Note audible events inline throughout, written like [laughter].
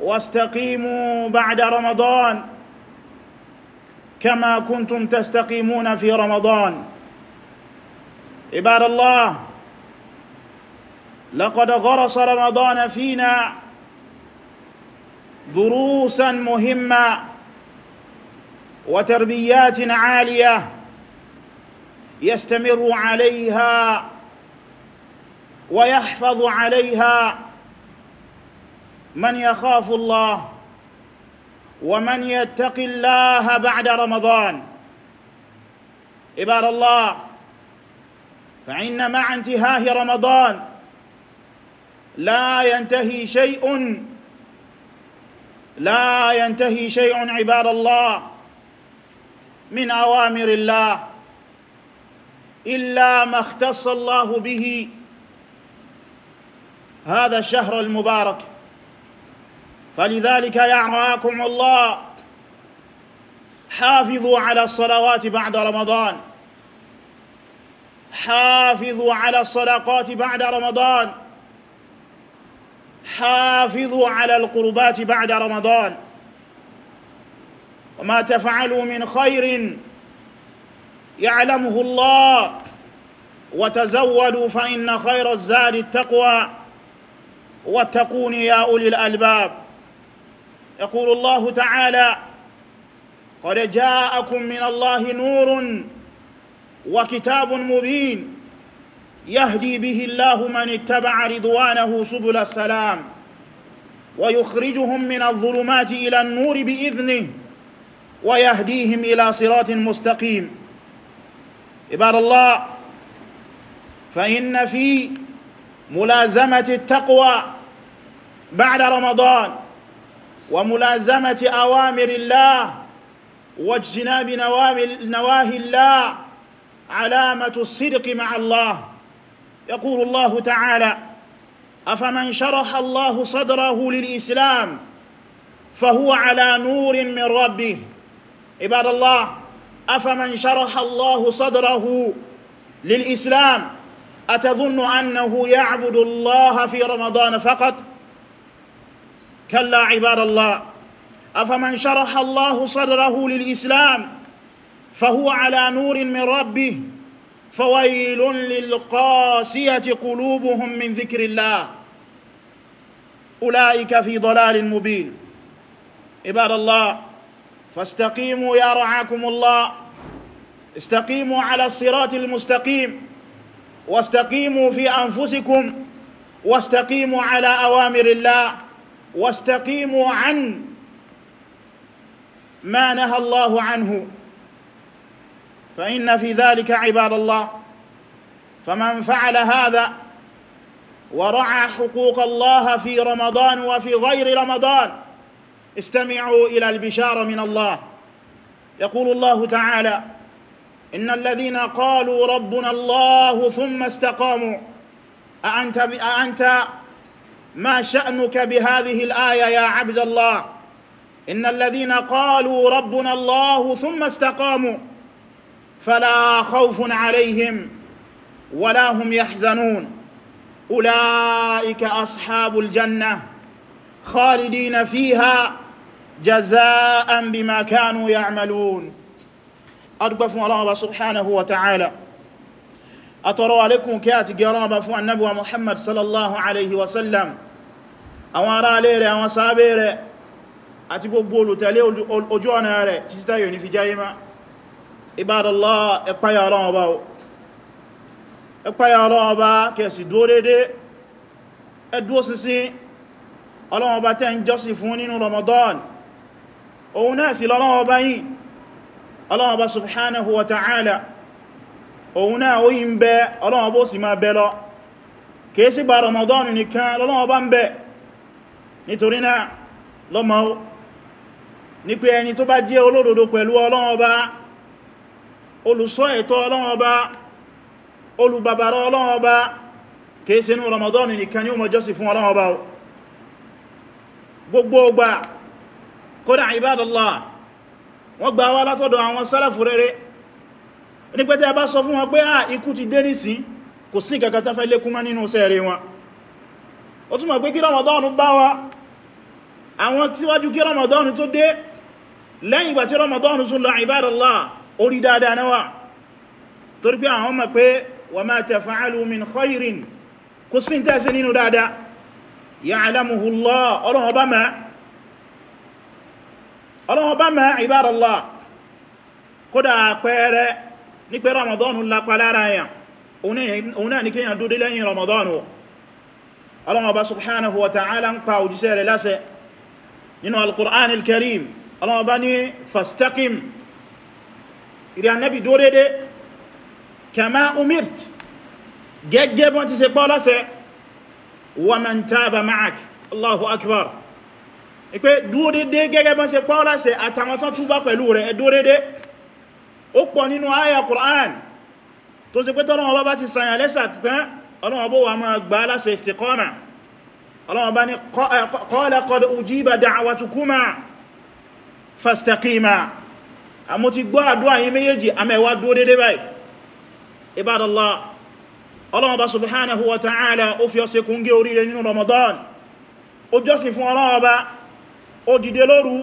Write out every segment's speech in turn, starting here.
واستقيموا بعد رمضان كما كنتم تستقيمون في رمضان عباد الله لقد غرس رمضان فينا دروسا مهمة وتربيات عالية يستمر عليها ويحفظ عليها من يخاف الله ومن يتق الله بعد رمضان عباد الله فإن مع انتهاء رمضان لا ينتهي شيء لا ينتهي شيء عباد الله من أوامر الله إلا ما اختص الله به هذا الشهر المبارك فلذلك رعاكم الله حافظوا على الصلوات بعد رمضان حافظوا على الصدقات بعد رمضان حافظوا على القربات بعد رمضان وما تفعلوا من خير يعلمه الله وتزودوا فإن خير الزاد التقوى واتقون يا أولي الألباب يقول الله تعالى قد جاءكم من الله نور وكتاب مبين يهدي به الله من اتبع رضوانه سبل السلام ويخرجهم من الظلمات إلى النور بإذنه ويهديهم إلى صراط مستقيم عباد الله فإن في ملازمة التقوى بعد رمضان وملازمة أوامر الله واجتناب نواهي الله علامة الصدق مع الله يقول الله تعالى أفمن شرح الله صدره للإسلام فهو على نور من ربه عباد الله أفمن شرح الله صدره للإسلام أتظن أنه يعبد الله في رمضان فقط؟ كلا عباد الله أفمن شرح الله صدره للإسلام فهو على نور من ربه فويل للقاسية قلوبهم من ذكر الله أولئك في ضلال مبين عباد الله فاستقيموا يا رعاكم الله استقيموا على الصراط المستقيم واستقيموا في أنفسكم واستقيموا على أوامر الله واستقيموا عن ما نهى الله عنه فإن في ذلك عباد الله فمن فعل هذا ورعى حقوق الله في رمضان وفي غير رمضان استمعوا إلى البشارة من الله يقول الله تعالى إن الذين قالوا ربنا الله ثم استقاموا أأنت, أأنت ما شأنك بهذه الآية يا عبد الله إن الذين قالوا ربنا الله ثم استقاموا فلا خوف عليهم ولا هم يحزنون أولئك أصحاب الجنة خالدين فيها جزاء بما كانوا يعملون أدقى الله سبحانه وتعالى أترى لكم يا قرابة فون النبوة محمد صلى الله عليه وسلم àwọn ará alẹ́ rẹ̀ àwọn sábẹ́ rẹ̀ àti gbogbo olùtẹ̀lé ojú ọ̀nà rẹ̀ títí táyò ní fi jáyé má Ibadallah ẹ páyà Ọlọ́run Ọba o ẹ páyà Ọlọ́run Ọba kẹsì dúó dédé ẹ dúó sínsín Ọlọ́run Ọba tẹ́ ń jọ́sìn fún nínú Ramadan òun náà sì lọ́lọ́run Ọba yìí Ọlọ́run Ọba subhanahu wa ta'ala òun náà ó yí ń bẹ Ọlọ́run Ọba sì máa bẹ lọ kìí sí gba Ramadan nìkan lọ́lọ́run Ọba ń bẹ nítorí náà lọ́mọ ní pé ẹni tó bá jẹ́ olódodo pẹ̀lú Ọlọ́run Ọba olùṣọ́ ẹ̀tọ́ Ọlọ́run olùbàbàrà Ọlọ́run kìí ṣe Ramadan nìkan ni ó mọ́ jọ́sìn fún Ọlọ́run Ọba gbogbo ọgbà kódà ibadallah wọ́n gbà wá látọ̀dọ̀ àwọn sálàfù rere ní pé tẹ́ bá sọ fún wọn pé à ah, ikú ti dé nísìn kò sí kankan fẹ́ lékún nínú sẹ́ẹ̀rẹ̀ wọn ó túnmọ̀ pé kí Ramadan bá wa àwọn tíwájú kí Ramadan tó dé lẹ́yìn ìgbà tí Ramadan sún lọ ibadallah orí dáadáa náà wà torí pé àwọn mọ̀ pé wa ma tafa'alu min khairin kò sí tẹ́ẹ̀sẹ̀ nínú dáadáa ya'lamuhu Allah ọlọ́run ọba mẹ́ ọlọ́run ọba mẹ́ ibadallah kódà pẹ́ẹ̀rẹ ní pé Ramadan lápá lára yàn subhanahu wa ta'ala ń pa òjíṣẹ́ rẹ̀ láṣẹ nínú al-Qur'an al-Karim Allah bá ní fastaqim ìrìn annabi dó dédé kama umirt gẹ́gẹ́ bọ́n ti ṣe pọ́ lọ́sẹ̀ wa man taba ma'ak Allahu akbar ìpé dúó dédé gẹ́gẹ́ bọ́n ṣe pọ́ lọ́sẹ̀ àtàwọn tó túbá pẹ̀lú rẹ̀ dúó dédé ó pọ̀ nínú àyà Qur'an tó ṣe pé tọ́lọ́wọ́ bá ti sàyàn ọlọ́wọ́ bá ní qala qad ujiba da'watukuma fastaqima a mú ti gbọ́ àdúwà yí méjèèjì a mẹ́wàá dúó dédé báyìí ibadallah ọlọ́wọ́ bá subhanahu wa ta'ala ó fi ọsẹ kún gé oríire nínú ramadan ó jọ́sìn fún ọlọ́wọ́ bá ó dìde lóru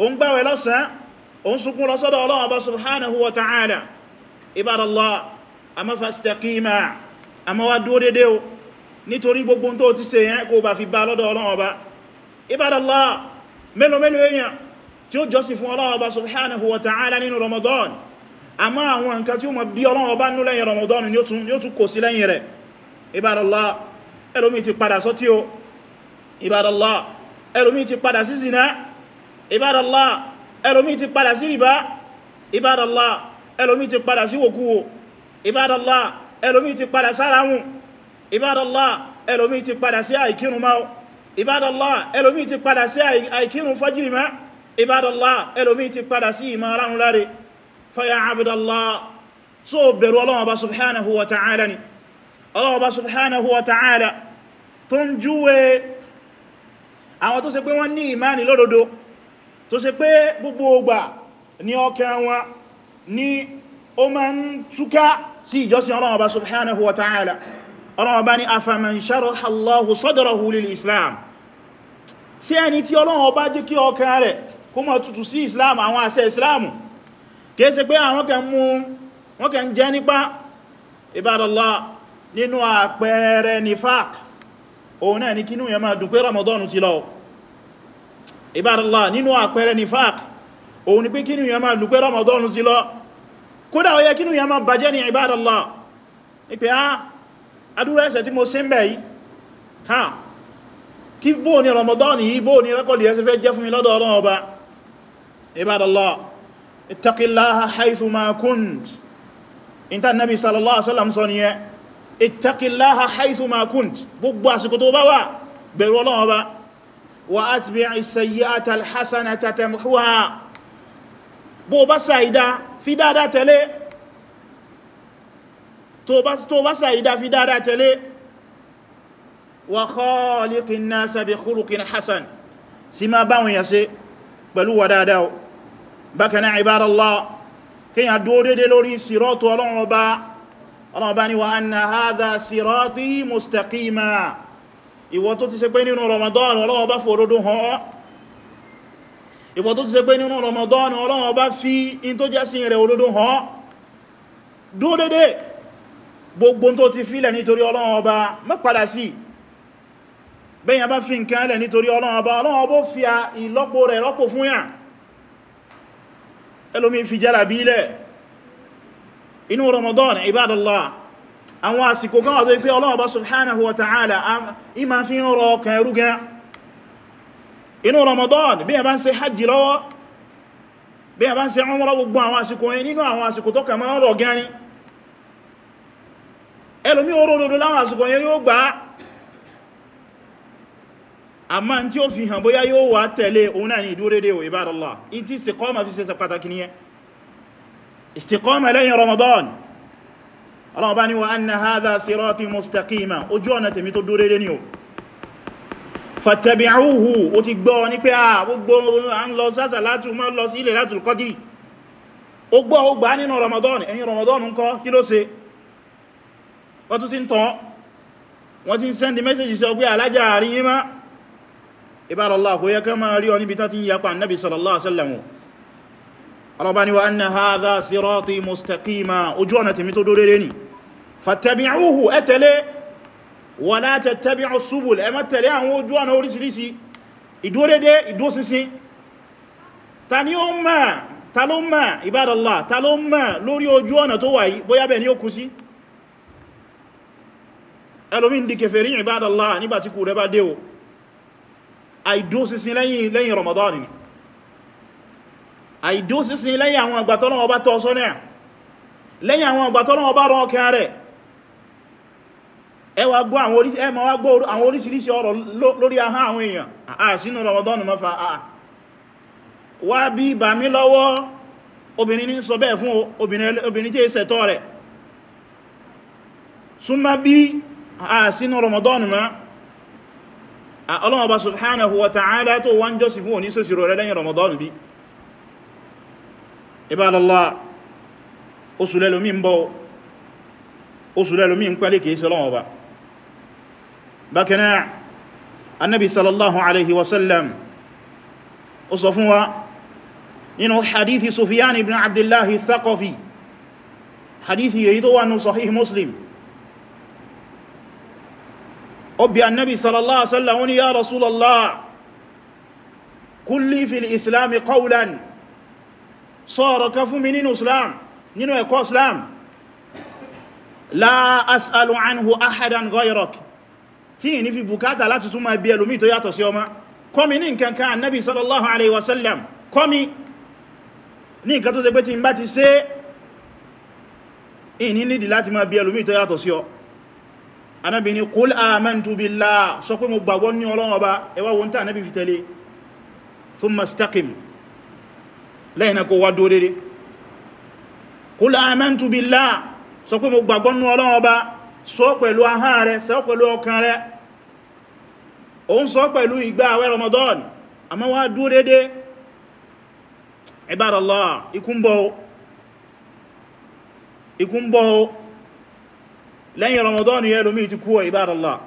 ó ń gbáwẹ̀ nítorí gbogbo tó ti ṣe yẹn kó bá fi bá lọ́dọ̀ Ọlọ́run Ọba ibadallah mélòó mélòó èyàn tí ó jọ́sìn fún Ọlọ́run Ọba subhanahu wa ta'ala nínú Ramadan àmọ́ àwọn nǹkan tí ó mọ̀ bí Ọlọ́run Ọba nú lẹ́yìn Ramadan ni ó tún kò sí lẹ́yìn rẹ̀ ibadallah ẹlòmí ti padà sí zina ibadallah ẹlòmí ti padà sí wòkúwò ibadallah ẹlòmí ti padà sára wọn ibadallah ẹlòmí ti padà sí àìkírun máa ibadallah ẹlòmí ti padà sí àìkírun fajiri máa ibadallah ẹlòmí ti padà sí ìmọ̀ aráhùn láre faya abdallah so bẹ̀rù ọlọ́wọ́ba subhanahu wa ta'ala ni ọlọ́wọ́ba subhanahu wa ta'ala tó ń ọlọ́wọ́ba subhanahu wa ta'ala ọlọ́wọ́ bá ní afaman sharaha Allahu sadrahu lil islam sí ẹni tí ọlọ́wọ́ bá jẹ́ kí ọkàn rẹ̀ kó mọ̀ tutù sí islam àwọn àṣẹ islam kéèsẹ pé àwọn kẹ mú wọ́n kẹ ń jẹ́ nípa ibadallah nínú àpẹẹrẹ nifaq òun náà ní kínú yẹn máa dùn pé ramadan ti lọ ibadallah nínú ni pé kínú yẹn máa dùn ramadan ti lọ kódà adúrà ẹ̀ṣẹ̀ tí mo ṣe ń bẹ̀ yìí ha kí bóò ní Ramadan yìí bóò ní rẹ́kọ̀dì ẹ̀ṣẹ̀ fẹ́ jẹ́ fún mi lọ́dọ̀ Ọlọ́run Ọba Ibadallah ittaqillaha haythu ma kunt inta nabi sallallahu alaihi wasallam sọ nìyẹn ittaqillaha haythu ma kunt gbogbo àsìkò tó bá wà bẹ̀rù Ọlọ́run Ọba tó bá sàídá fi dáadáa tẹ̀lé wa khaliqin nasa bi khuluqin hasan sí máa báwọn yà sí pẹ̀lú wà dáadáa bákan náà ibadallah kíyà dúó dédé lórí sírọ́tù ọlọ́run ọba ọlọ́run ọba ni wa anna hadha sírọ́tì mustaqima ìwọ tó ti ṣe pé nínú Ramadan ọlọ́run ọba fòródó hàn ìwọ tó ti ṣe pé nínú Ramadan ọlọ́run fi in tó jẹ́ rẹ̀ òdodo hàn dúó dédé gbogbo tó ti fílẹ̀ nítorí ọlọ́run ọba má padà sí bẹ́yàn bá fi nǹkan ẹlẹ̀ nítorí ọlọ́run ọba ọlọ́run ọba fi ìlọ́po rẹ̀ rọ́pò fún yàn ẹlòmí fi jẹ́là bí ilẹ̀ inú Ramadan ibadallah àwọn àsìkò kan wà tó pé ọlọ́run ọba subhanahu wa ta'ala ima fi ń rọ gan ni ẹlòmí oródodo láwọn àsìkò yẹn yóò gbá àmá tí ó fi hàn bóyá yóò wà tẹ̀lé òun náà ni ìdúrédé ò ibadallah ìtí istiqama fi ṣe pàtàkì ní ẹ istiqama lẹ́yìn Ramadan Allah bá ní wa anna hadha sirati mustaqima ojú ọ̀nà tèmi tó dúrédé ni o fattabi'uhu ó ti gbọ́ ní pé ah, à gbogbo ń lọ sásà látù mọ́ lọ sí ilẹ̀ látù ó gbọ́ ó gbà nínú Ramadan ẹ̀yìn Ramadan ń kọ́ kí ló ṣe wọ́n tún sí ń tán wọ́n ti ń send message sọ pé alájà àárín yí má ibadallah kò yẹ ká máa rí ọ níbi tán ti ń yapa annabi sallallahu alaihi wasallam ọlọ́bá ni wa anna hadha ta ló mọ̀ ibadallah lórí ojú ọ̀nà tó wà yìí bóyá bẹ́ẹ̀ ni ó kú sí ẹlòmí ń di kèfèrí ìbádàlá nígbàtí kú rẹ bá dé o àìdósísìn lẹ́yìn Ramadan ni àìdósísìn lẹ́yìn àwọn àgbàtọ́lọ́wọ́ bá tọ́ sọ́nà lẹ́yìn àwọn àgbàtọ́lọ́wọ́ ọba rán ọkàn rẹ̀ ẹ wá gbọ́ àwọn orísìírísìí ọ̀rọ̀ lórí àwọn èèyàn a sọ a sínú Ramadan ma ọlọ́mọba subhanahu wa ta'ala tó wá ń jọ́sí fún òní sòsìrò rẹ̀ lẹ́yìn Ramadan bí ibadallah oṣù lẹ́lòmí ń bọ́ oṣù lẹ́lòmí ń pẹ́lẹ̀ kìí sọlọ́mọba bákanáà annabi sallallahu alaihi wasallam ó sọ fún wa nínú hadithi Sufyan ibn Abdullahi Thaqafi hadithi yayi tó wà nù sahih Muslim ó bi annabi sallallahu alaihi wasallam wọ́n ní ya rasulallah kulli fil islami qawlan sọ̀rọ̀ kan fún mi nínú islam nínú ẹ̀kọ́ islam la as'alu anhu ahadan ghayrak tí ní fi bùkátà láti tún máa bi ẹlòmí tó yàtọ̀ sí ọmọ kọmi ní nǹkan kan annabi sallallahu alaihi wasallam kọmi ní nǹkan tó ṣe pé tí ń bá ti ṣe ìní nídi láti máa bi ẹlòmí tó yàtọ̀ sí ọ anábi ni kúl amantu billah sọ pé mo gbàgbọ́ ní Ọlọ́run Ọba ẹwà wọn tàà nábi fi tẹ́lé thumma istaqim lẹ́yìnà kó wá dórédé kúl amantu billah sọ pé mo gbàgbọ́ ní Ọlọ́run Ọba sọ pẹ̀lú ahán rẹ sọ pẹ̀lú lẹ́yìn Ramadan yẹ lómi ti kúwọ ibadallah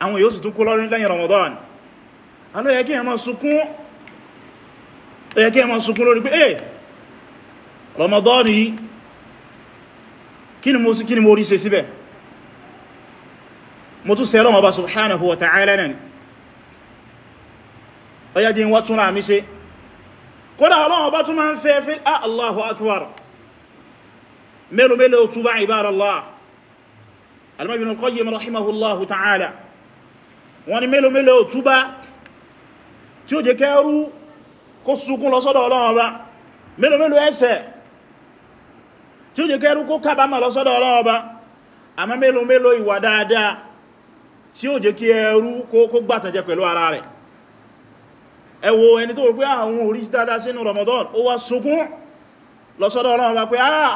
àwọn yóò sì tún kú lọ́rin lẹ́yìn Ramadan aló yẹ kí ẹ máa sunkún lórí pé eh Ramadan yìí kí ni mo sí kí ni mo rí ṣe síbẹ̀ mo tún sẹ́rọ ọba subhanahu wa ta'ala náà ni ọya jí wá túnra mi ṣe kódà ọlọ́wọ́ bá tún ń fẹ́ fẹ́ ah, Allahu akbar mélòó mélòó túbá ibadallah Al-Imam Ibn Al-Qayyim rahimahullahu ta'ala wọ́n ní mélòó mélòó túbá tí ó jẹ kẹrù kó sunkún lọ sọ́dọ̀ Ọlọ́run Ọba mélòó mélòó ẹ̀ṣẹ̀ tí ó jẹ kẹrù kó kábàámọ̀ lọ sọ́dọ̀ Ọlọ́run Ọba àmá mélòó mélòó ìwà dáadáa tí ó jẹ kí ẹrù kó gbàtànjẹ ara rẹ̀ ẹ wò ẹni tó rò pé àwọn ah, orí dáadáa Ramadan ó wá sunkún lọ sọ́dọ̀ Ọlọ́run Ọba pé ah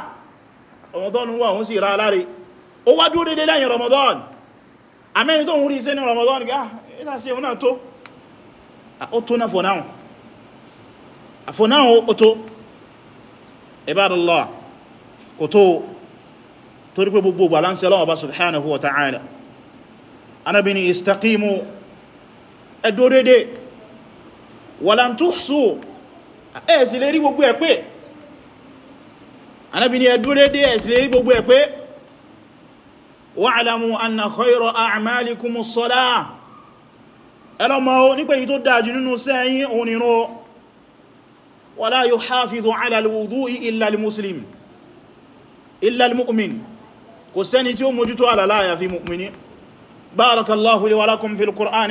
Ramadan wà òun sì ra aláre ó wá dúró dédé lẹ́yìn Ramadan amẹ́ni tó ń rí iṣẹ́ ní Ramadan gá ìdá sí ẹ̀wọ́n náà tó ah, ó tó náà for now ah, for now ó tó ibadallah kò tó torí pé gbogbo balance lọ́wọ́ واعلموا أن خير أعمالكم الصلاة ẹlọ́mọ̀ nípa èyí tó dájú nínú sẹ́yìn oníró ولا يحافظ على الوضوء إلا المسلم إلا المؤمن kò sẹ́ni tí ó mójútó àlàláyà fi mu'mini barakallahu li wa lakum fil qur'an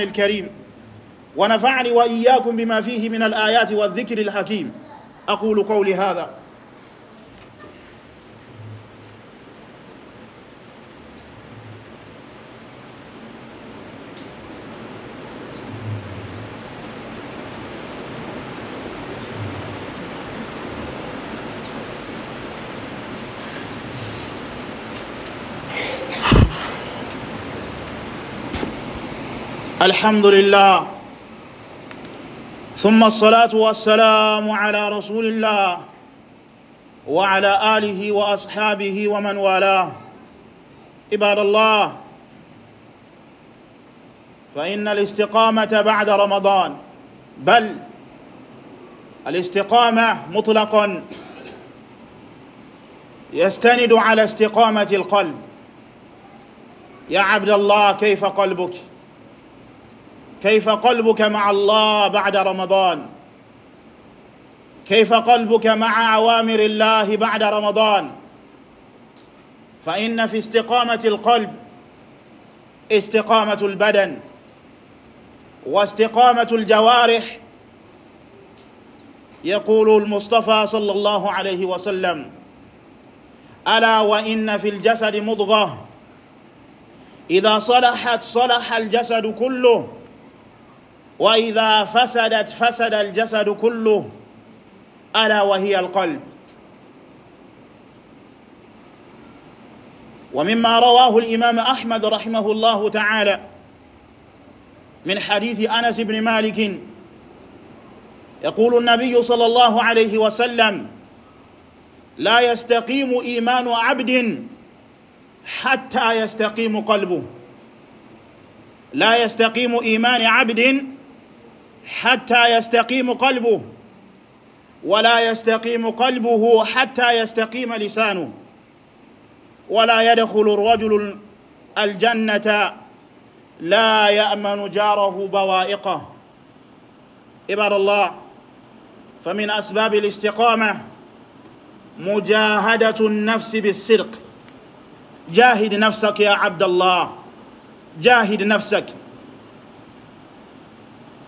الحمد لله ثم الصلاة والسلام على رسول الله وعلى آله وأصحابه ومن والاه عباد الله فإن الاستقامة بعد رمضان بل الاستقامة مطلقا يستند على استقامة القلب يا عبد الله كيف قلبك؟ كيف قلبك مع الله بعد رمضان كيف قلبك مع أوامر الله بعد رمضان فإن في استقامة القلب استقامة البدن واستقامة الجوارح يقول المصطفى صلى الله عليه وسلم ألا وإن في الجسد مضغة إذا صلحت صلح الجسد كله وإذا فسدت فسد الجسد كله ألا وهي القلب ومما رواه الإمام أحمد رحمه الله تعالى من حديث أنس بن مالك يقول النبي صلى الله عليه وسلم لا يستقيم إيمان عبد حتى يستقيم قلبه لا يستقيم إيمان عبد حتى يستقيم قلبه ولا يستقيم قلبه حتى يستقيم لسانه ولا يدخل الرجل الجنة لا يأمن جاره بوائقه عباد الله فمن أسباب الاستقامة مجاهدة النفس بالصدق جاهد نفسك يا عبد الله جاهد نفسك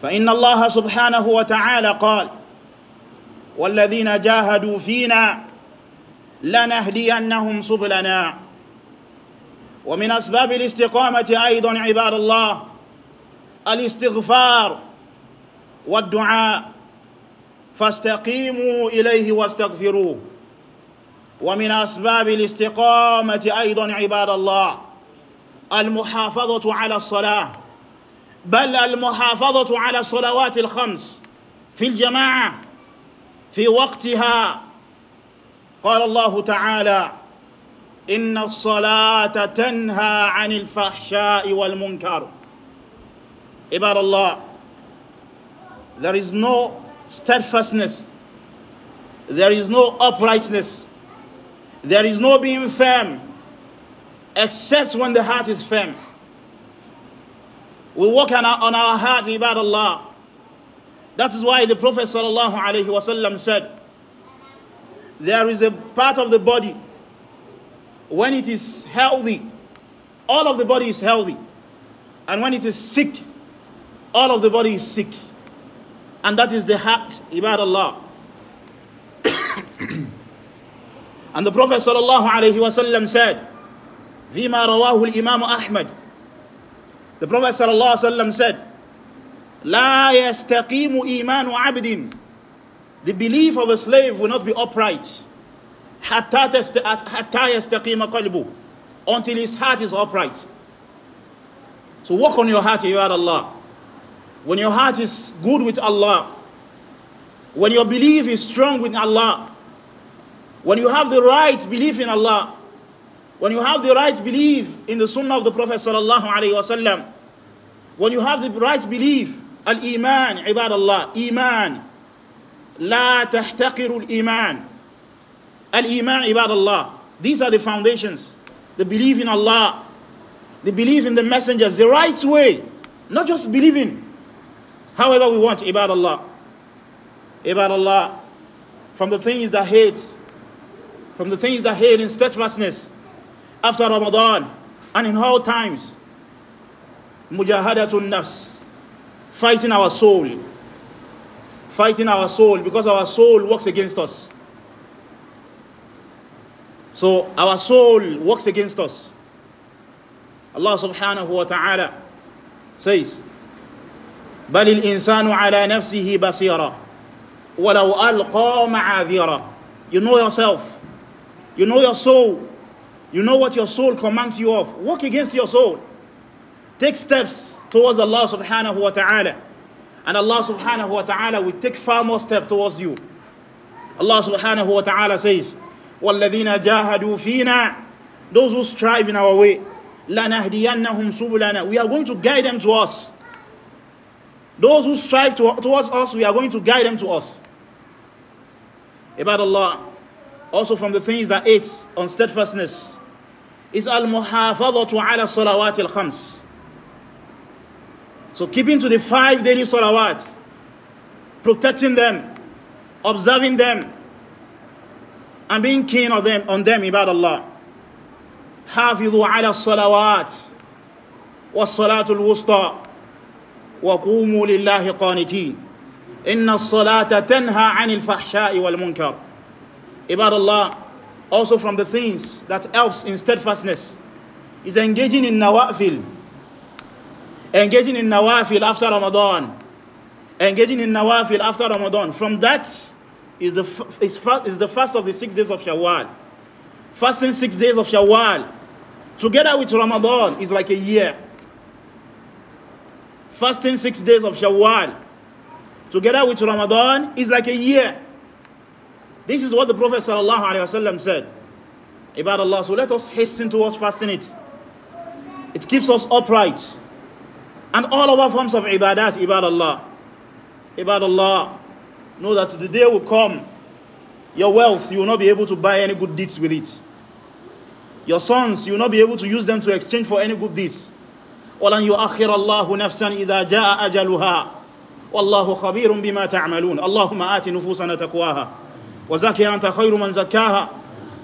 فإن الله سبحانه وتعالى قال والذين جاهدوا فينا لنهدينهم سبلنا ومن أسباب الاستقامة أيضا عباد الله الاستغفار والدعاء فاستقيموا إليه واستغفروه ومن أسباب الاستقامة أيضا عباد الله المحافظة على الصلاة بل المحافظة على الصلوات الخمس في الجماعة في وقتها قال الله تعالى إن الصلاة تنهى عن الفحشاء والمنكر عباد الله there is no steadfastness there is no uprightness there is no being firm except when the heart is firm we walk on our, on our heart ibad Allah. That is why the Prophet sallallahu alaihi wasallam said, there is a part of the body when it is healthy, all of the body is healthy. And when it is sick, all of the body is sick. And that is the heart, ibad Allah. [coughs] and the Prophet sallallahu alaihi wasallam said, فيما رواه الإمام أحمد the Prophet ﷺ said, لا يستقيم إيمان عبد The belief of a slave will not be upright حتى يستقيم قلبه Until his heart is upright. So work on your heart, you are Allah. When your heart is good with Allah, when your belief is strong with Allah, when you have the right belief in Allah, when you have the right belief in the sunnah of the Prophet sallallahu alaihi wasallam, when you have the right belief, al-iman, ibadallah, iman, la tahtaqiru al-iman, al-iman, ibadallah. These are the foundations, the belief in Allah, the belief in the messengers, the right way, not just believing, however we want, ibadallah, ibadallah, from the things that hate, from the things that hate in steadfastness, after Ramadan and in all times mujahadatun nafs fighting our soul fighting our soul because our soul works against us so our soul works against us Allah subhanahu wa ta'ala says بل الإنسان على نفسه بصيرة ولو ألقى معاذيرة you know yourself you know your soul You know what your soul commands you of. Walk against your soul. Take steps towards Allah subhanahu wa ta'ala. And Allah subhanahu wa ta'ala will take far more steps towards you. Allah subhanahu wa ta'ala says, وَالَّذِينَ جَاهَدُوا فِينَا Those who strive in our way, لَنَهْدِيَنَّهُمْ سُبُلَنَا We are going to guide them to us. Those who strive to, towards us, we are going to guide them to us. About Allah. Also from the things that aids on steadfastness is al-muhafadhatu ala salawat al-khams so keeping to the five daily salawat protecting them observing them and being keen on them on them ibad Allah al-wusta wa qumu lillahi qanitin inna as-salata tanha 'anil fahsha'i wal munkar ibad allah also from the things that helps in steadfastness is engaging in nawafil engaging in nawafil after ramadan engaging in nawafil after ramadan from that is the is, is the fast of the 6 days of shawwal fasting 6 days of shawwal together with ramadan is like a year fasting 6 days of shawwal together with ramadan is like a year This is what the Prophet sallallahu alaihi wasallam said. About Allah. So let us hasten towards fasting it. It keeps us upright. And all of our forms of ibadat, ibad Allah. Ibad Allah. Know that the day will come. Your wealth, you will not be able to buy any good deeds with it. Your sons, you will not be able to use them to exchange for any good deeds. وَلَنْ يُؤَخِّرَ اللَّهُ نَفْسًا إِذَا جَاءَ أَجَلُهَا وَاللَّهُ خَبِيرٌ بِمَا تَعْمَلُونَ اللهم آت نفوسنا تقواها وزكها أنت خير من زكاها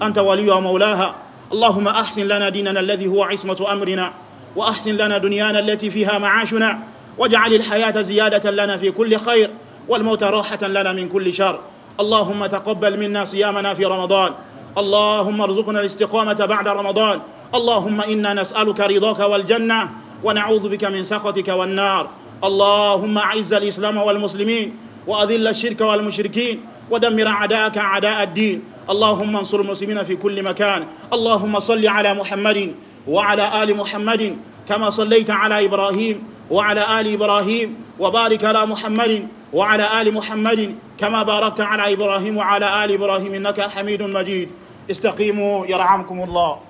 أنت وليها ومولاها اللهم أحسن لنا ديننا الذي هو عصمة أمرنا وأحسن لنا دنيانا التي فيها معاشنا واجعل الحياة زيادة لنا في كل خير والموت راحة لنا من كل شر اللهم تقبل منا صيامنا في رمضان اللهم ارزقنا الاستقامة بعد رمضان اللهم إنا نسألك رضاك والجنة ونعوذ بك من سخطك والنار اللهم أعز الإسلام والمسلمين وأذل الشرك والمشركين ودمر أعداءك أعداء الدين اللهم انصر المسلمين في كل مكان اللهم صل على محمد وعلى آل محمد كما صليت على إبراهيم وعلى آل إبراهيم وبارك على محمد وعلى آل محمد كما باركت على إبراهيم وعلى آل إبراهيم إنك حميد مجيد استقيموا يرحمكم الله